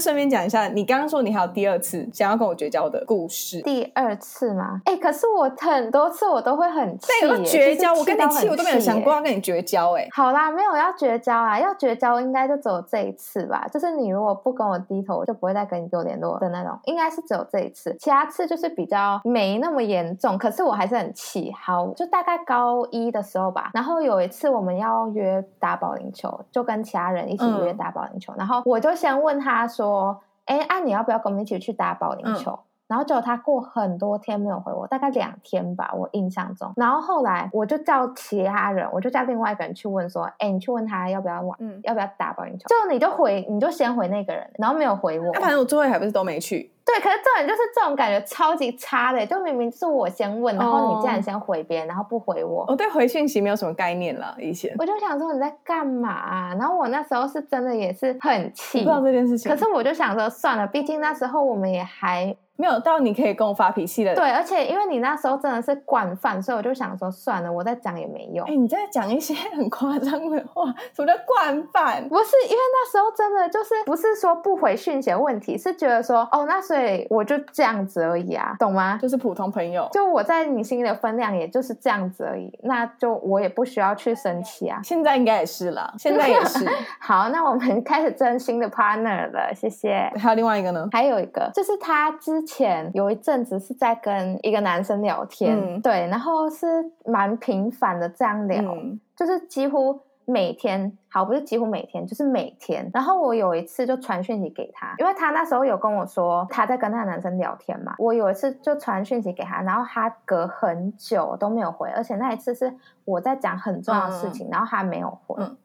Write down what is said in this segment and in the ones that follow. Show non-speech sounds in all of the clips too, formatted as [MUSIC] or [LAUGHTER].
順便講一下，你剛剛說你還有第二次想要跟我絕交的故事，第二次嗎？哎、欸，可是我很多次我都會很氣、欸，絕交，我跟你氣，都欸、我都沒有想過要跟你絕交、欸。哎，好啦，沒有要絕交啊，要絕交應該就只有這一次吧。就是你如果不跟我低頭，就不會再跟你做聯絡的那種，應該是只有這一次，其他次就是比較沒那麼嚴重。可是我還是很氣。好，就大概高一的時候吧。然後有一次我們要約打保齡球，就跟其他人一起約打保齡球，嗯、然後我就先問他說。說，哎、欸，哎、啊，你要不要跟我們一起去打保齡球？嗯、然後就他過很多天沒有回我，大概兩天吧，我印象中。然後後來我就叫其他人，我就叫另外一個人去問說，哎、欸，你去問他要不要玩，嗯、要不要打保齡球？就你就回，你就先回那個人，然後沒有回我。他、啊、反正我最後還不是都沒去。對，可是這種就是這種感覺超級差的，欸，就明明就是我先問，然後你竟然先回別人，oh. 然後不回我。我、oh, 對回訊息，沒有什麼概念了，以前我就想說你在幹嘛？啊？然後我那時候是真的也是很氣，不知道這件事情。可是我就想說算了，畢竟那時候我們也還。沒有到你可以跟我發脾氣的。對，而且因為你那時候真的是慣犯，所以我就想說算了，我再講也沒用。哎、欸，你在講一些很誇張的話，什麼叫慣犯？不是，因為那時候真的就是不是說不回訊息的問題，是覺得說哦，那所以我就這樣子而已啊，懂嗎？就是普通朋友，就我在你心裡的分量也就是這樣子而已。那就我也不需要去生氣啊。現在應該也是了，現在也是。 [LAUGHS] 好，那我們開始真心的 partner 了，謝謝。還有另外一個呢？還有一個，就是他之前有一陣子是在跟一個男生聊天，嗯、對，然後是蠻頻繁的這樣聊，嗯、就是幾乎每天，好，不是幾乎每天，就是每天。然後我有一次就傳訊息給他，因為他那時候有跟我說他在跟那個男生聊天嘛。我有一次就傳訊息給他，然後他隔很久都沒有回，而且那一次是我在講很重要的事情，嗯、然後他沒有回。嗯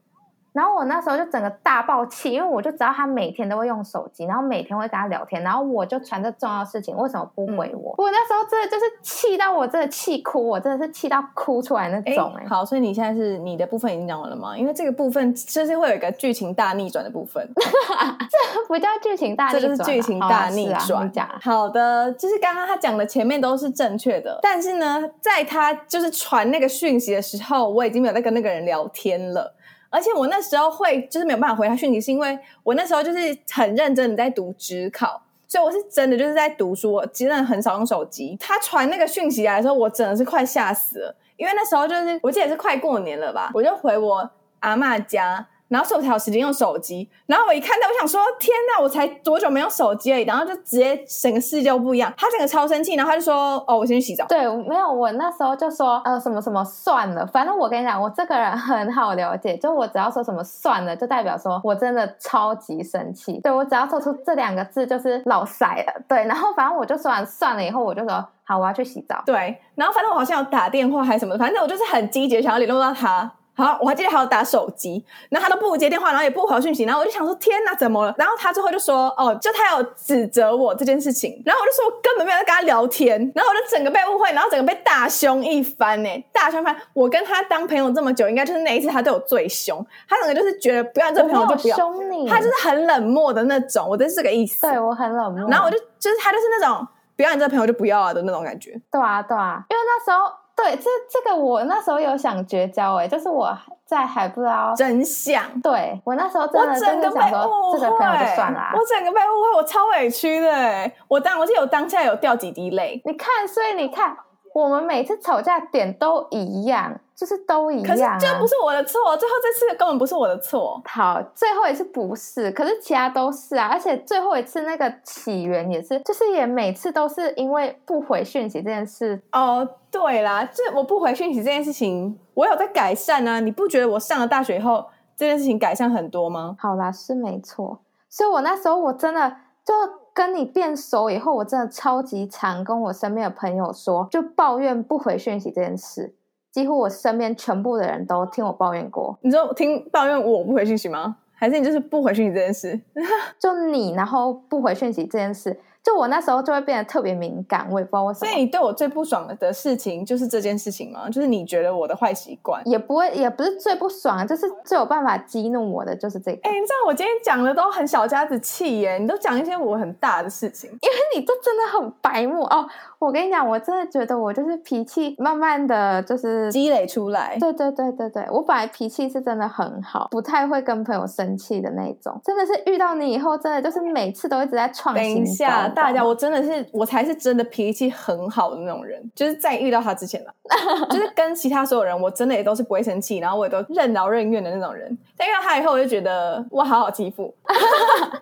然後我那時候就整個大爆氣，因為我就知道他每天都會用手機，然後每天會跟他聊天，然後我就傳這重要的事情，為什麼不回我？我、嗯、那時候真的就是氣到我真的氣哭，我真的是氣到哭出來那種、欸欸。好，所以你現在是你的部分已經講完了嗎？因為這個部分就是會有一個劇情大逆轉的部分。 [LAUGHS] 這不叫劇情大逆轉、啊，這就就是劇情大逆轉。好的，啊、好的，就是剛剛他講的前面都是正確的，但是呢，在他就是傳那個訊息的時候，我已經沒有在跟那個人聊天了。而且我那時候會就是沒有辦法回他訊息，是因為我那時候就是很認真的在讀指考，所以我是真的就是在讀書，我其實真的很少用手機。他傳那個訊息來的時候，我真的是快嚇死了，因為那時候就是我記得也是快過年了吧，我就回我阿嬤家。然後所以我才有時間用手機，然後我一看到，我想說天哪，我才多久沒用手機而已？然後就直接整個世界都不一樣，他整個超生氣，然後他就說：“哦，我先去洗澡。”對，沒有，我那時候就說：“呃，什麼什麼算了，反正我跟你講，我這個人很好了解，就我只要說什麼算了，就代表說我真的超級生氣。對，我只要說出這兩個字，就是老塞了。對，然後反正我就說完算了以後，我就說好，我要去洗澡。對，然後反正我好像有打電話還是什麼，反正我就是很積極想要聯絡到他。”好，我還記得他有打手機，然後他都不接電話，然後也不回我訊息，然後我就想說天哪，怎麼了？然後他最後就說，哦，就他有指責我這件事情，然後我就說我根本沒有在跟他聊天，然後我就整個被誤會，然後整個被大凶一番呢、欸，大凶一番。我跟他當朋友這麼久，應該就是那一次他對我最凶，他整個就是覺得不要你這個朋友不過我凶你就不要，他就是很冷漠的那種，我真是這個意思。對我很冷漠，然後我就就是他就是那種不要你這個朋友就不要啊的那種感覺。對啊，對啊，因為那時候。對，這這個我那時候有想絕交誒、欸，就是我在還不知道真相想，對，我那時候真的真的想說這個朋友就算了啊，我整個被誤會，我整個被誤會，我超委屈的、欸，誒，我當，我記得我當下有掉幾滴淚，你看，所以你看。哦我們每次吵架點都一樣，就是都一樣啊。可是這不是我的錯，最後這次根本不是我的錯。好，最後一次不是，可是其他都是啊，而且最後一次那個起源也是，就是也每次都是因為不回訊息這件事。哦，對啦，這我不回訊息這件事情，我有在改善啊。你不覺得我上了大學以後這件事情改善很多嗎？好啦，是沒錯。所以我那時候我真的就。跟你變熟以後，我真的超級常跟我身邊的朋友說，就抱怨不回訊息這件事。幾乎我身邊全部的人都聽我抱怨過。你知道，聽抱怨我不回訊息嗎？還是你就是不回訊息這件事？ [LAUGHS] 就你，然後不回訊息這件事。就我那時候就會變得特別敏感，我也不知道為什麼。所以你對我最不爽的事情就是這件事情嗎？就是你覺得我的壞習慣？也不會，也不是最不爽，就是最有辦法激怒我的就是這個。哎、欸，你知道我今天講的都很小家子氣耶，你都講一些我很大的事情，因為你都真的很白目哦。我跟你講，我真的覺得我就是脾氣慢慢的就是積累出來。對對對對對，我本來脾氣是真的很好，不太會跟朋友生氣的那種。真的是遇到你以後，真的就是每次都一直在創新。等一下。大家，我真的是我才是真的脾氣很好的那種人，就是在遇到他之前啦， [LAUGHS] 就是跟其他所有人，我真的也都是不會生氣，然後我也都任勞任怨的那種人。但遇到他以後，我就覺得我好好欺負 [LAUGHS] 、啊、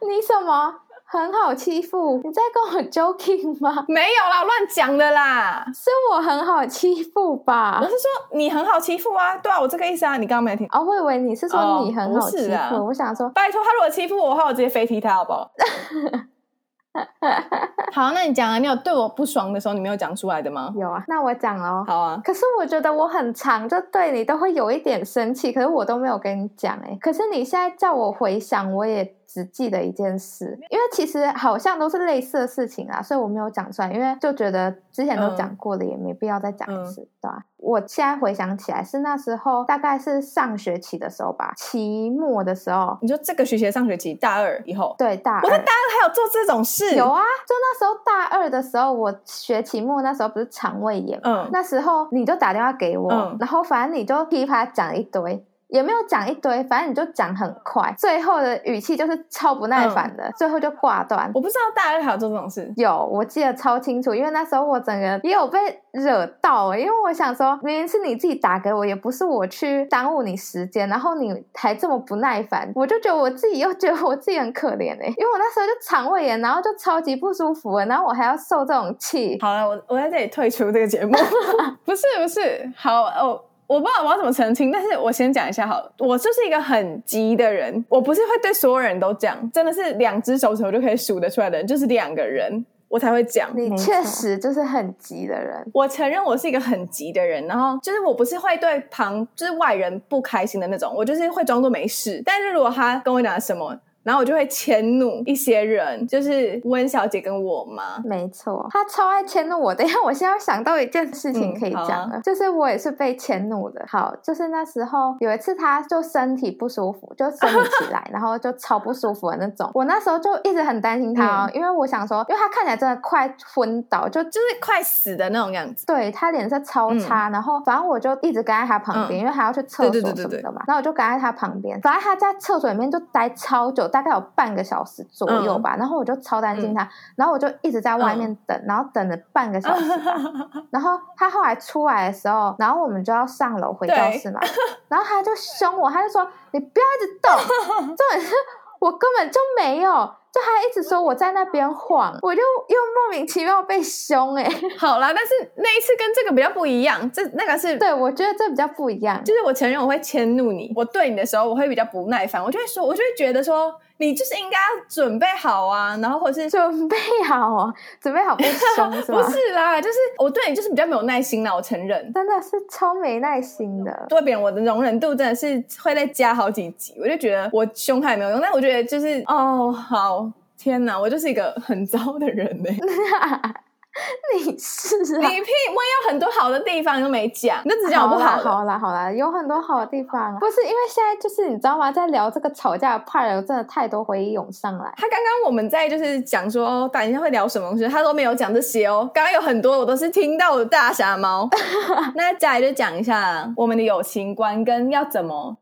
你，什麼很好欺負？你在跟我 joking 嗎？沒有啦，我亂講的啦，是我很好欺負吧？我是說你很好欺負啊？對啊，我這個意思啊，你剛剛沒聽？哦、我以為你是說你很好欺負，哦、是我想說，拜託，他如果欺負我，我，我直接飛踢他，好不好？ [LAUGHS] [LAUGHS] 好，那你講啊？你有對我不爽的時候，你沒有講出來的嗎？有啊，那我講了哦。好啊，可是我覺得我很常，就對你都會有一點生氣，可是我都沒有跟你講哎。可是你現在叫我回想，我也。只記得一件事，因為其實好像都是類似的事情啊，所以我沒有講出來，因為就覺得之前都講過了，也沒必要再講一次，嗯嗯、對，我現在回想起來，是那時候大概是上學期的時候吧，期末的時候。你說這個學期上學期，大二以後？對，大二。我是大二還有做這種事？有啊，就那時候大二的時候，我學期末那時候不是腸胃炎嗯，那時候你就打電話給我，嗯、然後反正你就噼啪講一堆。有沒有講一堆？反正你就講很快，最後的語氣就是超不耐煩的，嗯、最後就掛斷。我不知道大家有沒有做這種事？有，我記得超清楚，因為那時候我整個也有被惹到，因為我想說，明明是你自己打給我，也不是我去耽誤你時間，然後你還這麼不耐煩，我就覺得我自己又覺得我自己很可憐誒、欸，因為我那時候就腸胃炎，然後就超級不舒服，然後我還要受這種氣。好了、啊，我我在這裡退出這個節目。 [LAUGHS] [LAUGHS] 不是不是，好哦。我不知道我要怎麼澄清，但是我先講一下好了，我就是一個很急的人，我不是會對所有人都講，真的是兩隻手指頭就可以數得出來的人，就是兩個人我才會講。你確實就是很急的人，我承認我是一個很急的人，然後就是我不是會對旁就是外人不開心的那種，我就是會裝作沒事，但是如果他跟我講什麼。然後我就會遷怒一些人，就是溫小姐跟我嘛。沒錯，她超愛遷怒我的，因為我現在想到一件事情可以講了，嗯啊、就是我也是被遷怒的。好，就是那時候有一次，她就身體不舒服，就生理期來， [LAUGHS] 然後就超不舒服的那種。我那時候就一直很擔心她、哦，嗯、因為我想說，因為她看起來真的快昏倒，就就是快死的那種樣子。對，她臉色超差，嗯、然後反正我就一直跟在她旁邊，嗯、因為還要去廁所什麼的嘛。然後我就跟在她旁邊，反正她在廁所裡面就待超久。大概有半個小時左右吧，嗯、然後我就超擔心他，嗯、然後我就一直在外面等，嗯、然後等了半個小時吧，嗯、然後他後來出來的時候，嗯、然後我們就要上樓回教室嘛，對然後他就凶我，對他就說，你不要一直動。重點是我根本就沒有，就還一直說我在那邊晃，我就又莫名其妙被凶哎、欸。好啦，但是那一次跟這個比較不一樣，這那個是對，我覺得這比較不一樣。就是我承認我會遷怒你，我對你的時候我會比較不耐煩，我就會說，我就會覺得說。你就是應該要準備好啊，然後或是準備好啊，準備好不是 [LAUGHS] 不是啦， [LAUGHS] 就是我對你就是比較沒有耐心啦，我承認，真的是超沒耐心的。對別人我的容忍度真的是會再加好幾級，我就覺得我凶還沒有用，但我覺得就是哦，好天哪，我就是一個很糟的人哎、欸。 [LAUGHS] 你是、啊、你屁，我有很多好的地方都沒講，你只講不好，好。好啦好啦，有很多好的地方，不是因為現在就是你知道嗎？在聊這個吵架，part，我真的太多回憶湧上來。他剛剛我們在就是講說，等一下會聊什麼東西，他都沒有講這些哦。剛剛有很多我都是聽到我的大俠貓， [LAUGHS] 那接下來就講一下我們的友情觀跟要怎麼。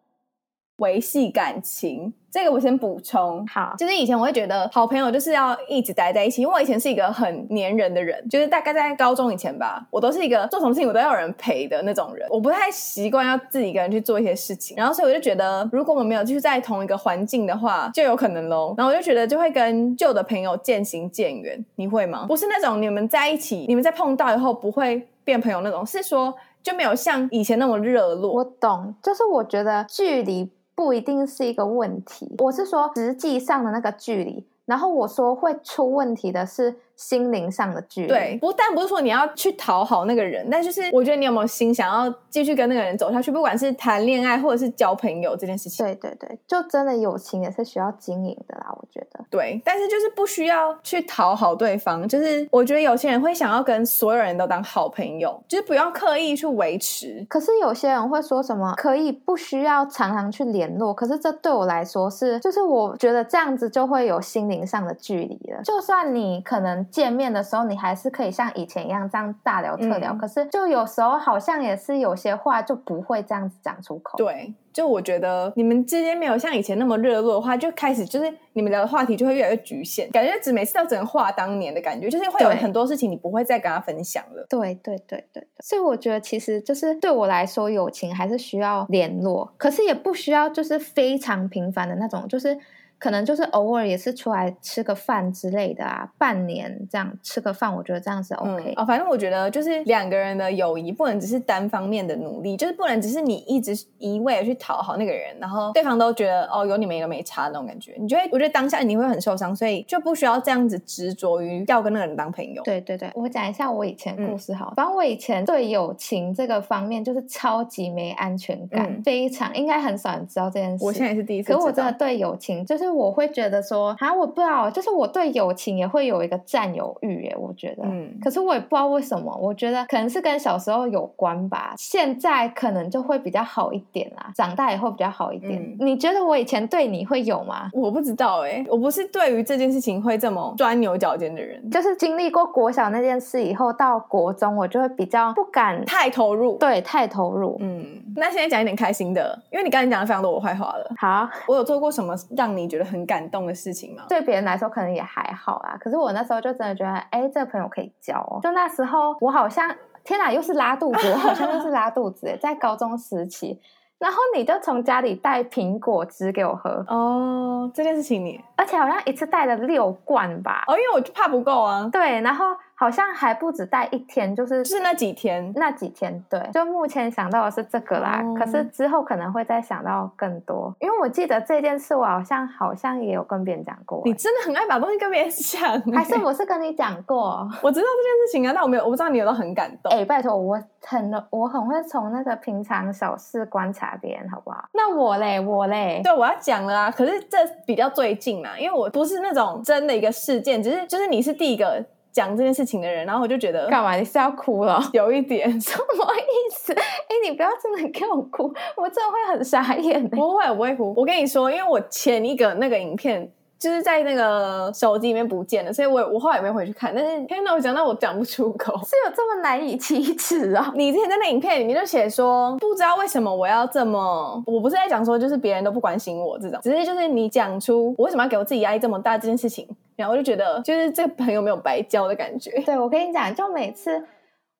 維繫感情，這個我先補充。好，就是以前我會覺得好朋友就是要一直待在一起，因為我以前是一個很黏人的人，就是大概在高中以前吧，我都是一個做什麼事情我都要有人陪的那種人，我不太習慣要自己一個人去做一些事情。然後所以我就覺得，如果我們沒有繼續在同一個環境的話，就有可能嘍。然後我就覺得就會跟舊的朋友漸行漸遠。你會嗎？不是那種你們在一起，你們在碰到以後不會變朋友那種，是說就沒有像以前那麼熱絡。我懂，就是我覺得距離。不一定是一個問題，我是說實際上的那個距離，然後我說會出問題的是。心靈上的距離，對，不但不是說你要去討好那個人，但就是我覺得你有沒有心想要繼續跟那個人走下去，不管是談戀愛或者是交朋友這件事情，對對對，就真的友情也是需要經營的啦，我覺得。對，但是就是不需要去討好對方，就是我覺得有些人會想要跟所有人都當好朋友，就是不要刻意去維持。可是有些人會說什麼，可以不需要常常去聯絡，可是這對我來說是，就是我覺得這樣子就會有心靈上的距離了，就算你可能。見面的時候，你還是可以像以前一樣這樣大聊特聊。嗯、可是就有時候好像也是有些話就不會這樣子講出口。對，就我覺得你們之間沒有像以前那麼熱絡的話，就開始就是你們聊的話題就會越來越局限，感覺只每次都只能話當年的感覺，就是會有很多事情你不會再跟他分享了。對對對對，對，所以我覺得其實就是對我來說，友情還是需要聯絡，可是也不需要就是非常頻繁的那種，就是。可能就是偶爾也是出來吃個飯之類的啊，半年這樣吃個飯，我覺得這樣子 OK、嗯。哦，反正我覺得就是兩個人的友誼不能只是單方面的努力，就是不能只是你一直一味的去討好那個人，然後對方都覺得哦有你們一個沒差那種感覺。你就會，我覺得當下你會很受傷，所以就不需要這樣子執着於要跟那個人當朋友。對對對，我講一下我以前故事好，嗯、反正我以前對友情這個方面就是超級沒安全感，嗯、非常應該很少人知道這件事。我現在也是第一次，可是我真的對友情就是。我會覺得說，啊，我不知道，就是我對友情也會有一個佔有慾耶。我覺得，嗯，可是我也不知道為什麼，我覺得可能是跟小時候有關吧。現在可能就會比較好一點啦，長大以後比較好一點。嗯、你覺得我以前對你會有嗎？我不知道哎、欸，我不是對於這件事情會這麼鑽牛角尖的人。就是經歷過國小那件事以後，到國中我就會比較不敢太投入，對，太投入。嗯，那現在講一點開心的，因為你剛才講的非常多我壞話了。好，我有做過什麼讓你覺得？很感動的事情嘛，對別人來說可能也還好啊，可是我那時候就真的覺得，欸，這個朋友可以交哦。就那時候我好像，天哪，又是拉肚子，好像又是拉肚子。 [LAUGHS] 在高中時期，然後你就從家裡帶蘋果汁給我喝哦，這件事情你，而且好像一次帶了六罐吧？哦，因為我就怕不夠啊。對，然後。好像還不止待一天，就是那是那幾天，那幾天對。就目前想到的是這個啦，嗯、可是之後可能會再想到更多，因為我記得這件事，我好像好像也有跟別人講過、欸。你真的很愛把東西跟別人講、欸，還是我是跟你講過？ [LAUGHS] 我知道這件事情啊，但我沒有，我不知道你有沒有很感動。誒、欸，拜托，我很我很會從那個平常小事觀察別人，好不好？那我嘞，我嘞，對，我要講了啊。可是這比較最近嘛，因為我不是那種真的一個事件，只是就是你是第一個講這件事情的人，然後我就覺得幹嘛，你是要哭了？ [LAUGHS] 有一點什麼意思？哎、欸，你不要真的給我哭，我真的會很傻眼。不會，不會哭。我跟你說，因為我前一個那個影片，就是在那個手機裡面不見了，所以我我後來也沒回去看。但是天哪，我講到我講不出口，是有這麼難以啟齒啊！ [LAUGHS] 你之前在那影片裡面就寫說不知道為什麼我要這麼，我不是在講說就是別人都不關心我這種，只是就是你講出我為什麼要給我自己壓力這麼大這件事情，然後我就覺得就是這個朋友沒有白交的感覺。對，我跟你講，就每次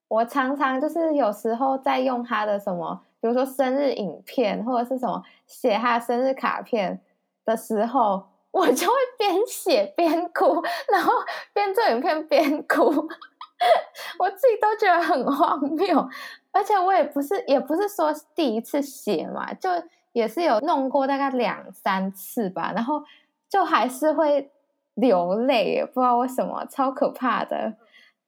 我常常就是有時候在用他的什麼，比如說生日影片或者是什麼寫他生日卡片的時候。我就會邊寫邊哭，然後邊做影片邊哭，我自己都覺得很荒謬。而且我也不是，也不是說第一次寫嘛，就也是有弄過大概兩三次吧，然後就還是會流淚，不知道為什麼，超可怕的。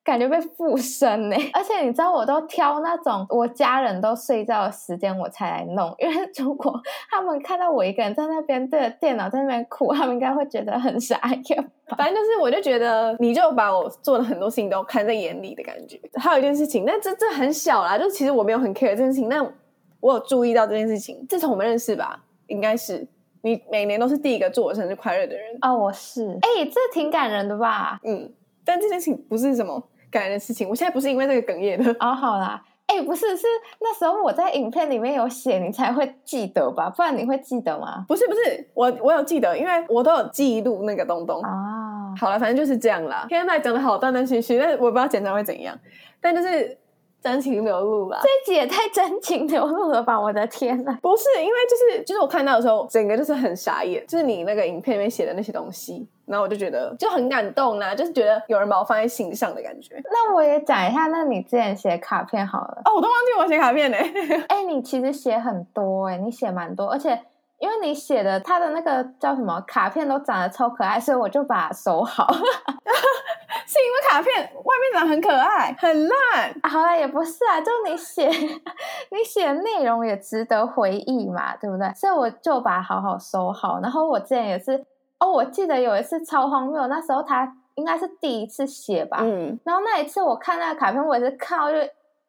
感覺被附身呢、欸，而且你知道，我都挑那種我家人都睡覺的時間我才來弄，因為如果他們看到我一個人在那邊對着電腦在那邊哭，他們應該會覺得很傻樣。反正就是，我就覺得你就把我做的很多事情都看在眼裡的感覺。還有一件事情，但這這很小啦，就其實我沒有很 care 這件事情，但我有注意到這件事情。自從我們認識吧，應該是你每年都是第一個祝我生日快樂的人哦，我是哎、欸，這挺感人的吧？嗯，但這件事情不是什麼。感人的事情，我現在不是因為這個哽咽的啊、哦，好啦，哎，不是，是那時候我在影片裡面有寫，你才會記得吧？不然你會記得嗎？不是，不是，我我有記得，因為我都有記錄那個東東啊。好啦，反正就是這樣啦。天吶，講的好斷斷續續，但是我不知道剪完會怎樣，但就是。真情流露吧，這姐太真情流露了吧！我的天吶，不是，因為就是就是我看到的時候，整個就是很傻眼，就是你那個影片裡面寫的那些東西，然後我就覺得就很感動啊，就是覺得有人把我放在心上的感覺。那我也講一下，那你之前寫卡片好了哦，我都忘記我寫卡片呢、欸。哎、 [LAUGHS] 欸，你其實寫很多哎、欸，你寫蠻多，而且。因為你寫的他的那個叫什麼卡片都長得超可愛，所以我就把它收好。 [LAUGHS] 是因為卡片外面長得很可愛，很爛。啊、好了、啊，也不是啊，就你寫你寫的內容也值得回憶嘛，對不對？所以我就把它好好收好。然後我之前也是，哦，我記得有一次超荒謬，那時候他應該是第一次寫吧。嗯。然後那一次我看那個卡片，我也是靠。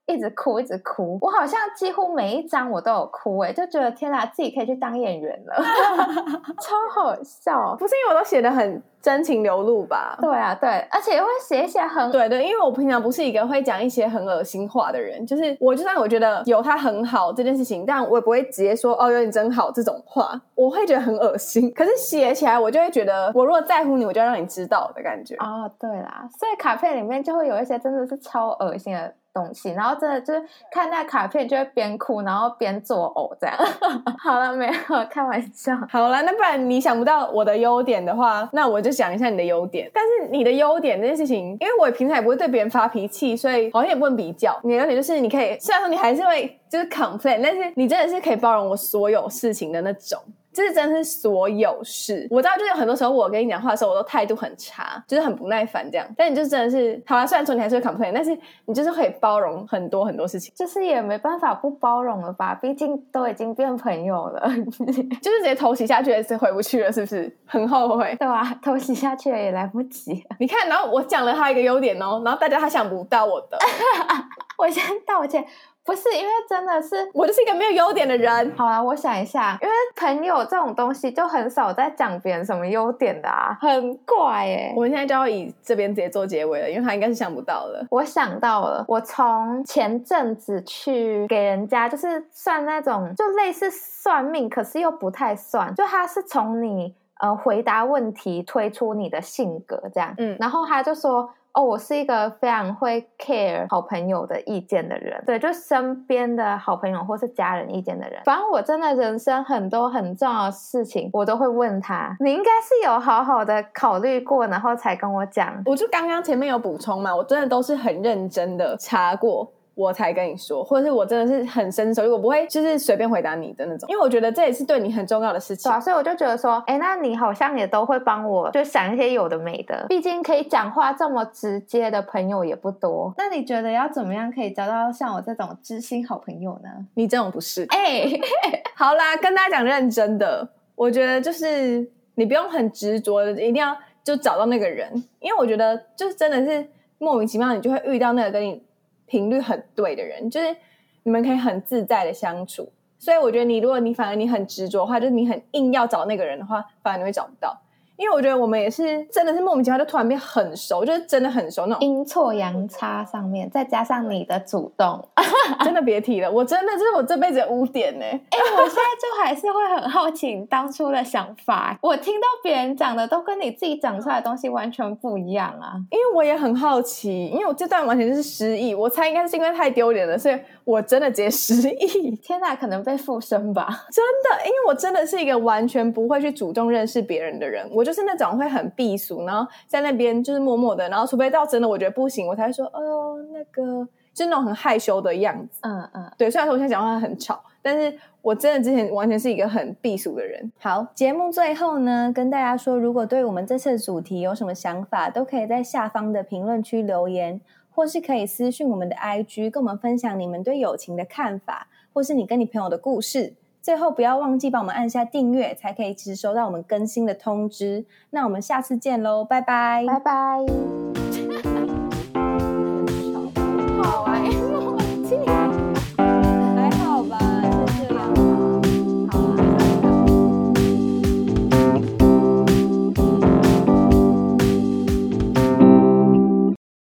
一直哭，一直哭，我好像幾乎每一張我都有哭，欸，哎，就覺得天哪，自己可以去當演員了， [LAUGHS] 超好笑。不是因為我都寫的很真情流露吧？對啊，對，而且會寫一些很……對對，因為我平常不是一個會講一些很惡心話的人，就是我就算我覺得有他很好這件事情，但我也不會直接說哦，有你真好這種話，我會覺得很惡心。可是寫起來，我就會覺得，我如果在乎你，我就要讓你知道的感覺。哦，對啦，所以卡片裡面就會有一些真的是超惡心的。東西，然後真的就是看那卡片就會邊哭然後邊作嘔這樣。 [LAUGHS] 好了，沒有開玩笑。好了，那不然你想不到我的優點的話，那我就講一下你的優點。但是你的優點這件事情，因為我平常也不會對別人發脾氣，所以好像也不能比較。你的優點就是你可以，雖然說你還是會就是 complain，但是你真的是可以包容我所有事情的那種。這是真的是所有事，我知道，就是有很多時候，我跟你講話的時候，我都態度很差，就是很不耐煩這樣。但你就是真的是，好吧、啊，雖然說你還是會 complain，但是你就是可以包容很多很多事情，就是也沒辦法不包容了吧？畢竟都已經變朋友了， [LAUGHS] 就是直接偷襲下去也是回不去了，是不是？很後悔。對吧、啊？偷襲下去了也來不及。你看，然後我講了他一個優點哦，然後大家還想不到我的， [LAUGHS] 我先道歉。不是，因為真的是我就是一個沒有優點的人。好啦，我想一下，因為朋友這種東西就很少在講別人什麼優點的啊，很怪誒、欸。我們現在就要以這邊直接做結尾了，因為他應該是想不到的。我想到了，我從前陣子去給人家就是算那種，就類似算命，可是又不太算，就他是從你。呃，回答問題推出你的性格這樣，嗯，然後他就說，哦，我是一個非常會 care 好朋友的意見的人，對，就身邊的好朋友或是家人意見的人，反正我真的人生很多很重要的事情，我都會問他。你應該是有好好的考慮過，然後才跟我講。我就剛剛前面有補充嘛，我真的都是很認真的查過。我才跟你說，或者是我真的是很伸手，我不會就是隨便回答你的那種，因為我覺得這也是對你很重要的事情。啊，所以我就覺得說，哎，那你好像也都會幫我就想一些有的沒的，畢竟可以講話這麼直接的朋友也不多。那你覺得要怎麼樣可以交到像我這種知心好朋友呢？你這種不是的。哎， [LAUGHS] [LAUGHS] 好啦，跟大家講認真的，我覺得就是你不用很執着的，一定要就找到那個人，因為我覺得就是真的是莫名其妙，你就會遇到那個跟你。頻率很對的人，就是你們可以很自在的相處。所以我覺得你如果你反而你很執着的話，就是你很硬要找那個人的話，反而你會找不到。因為我覺得我們也是，真的是莫名其妙就突然變很熟，就是真的很熟那種。陰錯陽差上面，再加上你的主動， [LAUGHS] 真的別提了，我真的這是我這輩子的污點呢、欸。哎、 [LAUGHS] 欸，我現在就還是會很好奇你當初的想法。我聽到別人講的都跟你自己講出來的東西完全不一樣啊。因為我也很好奇，因為我這段完全是失憶，我猜應該是因為太丟臉了，所以我真的直接失憶。天吶，可能被附身吧？ [LAUGHS] 真的，因為我真的是一個完全不會去主動認識別人的人。我。我就是那種會很閉俗，然後在那邊就是默默的，然後除非到真的我覺得不行，我才會說，哦那個，就那種很害羞的樣子。嗯嗯，嗯對。雖然說我現在講話很吵，但是我真的之前完全是一個很閉俗的人。好，節目最後呢，跟大家說，如果對我們這次的主題有什麼想法，都可以在下方的評論區留言，或是可以私訊我們的 IG，跟我們分享你們對友情的看法，或是你跟你朋友的故事。最後，不要忘記幫我們按下訂閱，才可以及時收到我們更新的通知。那我們下次見嘍，拜拜，拜拜。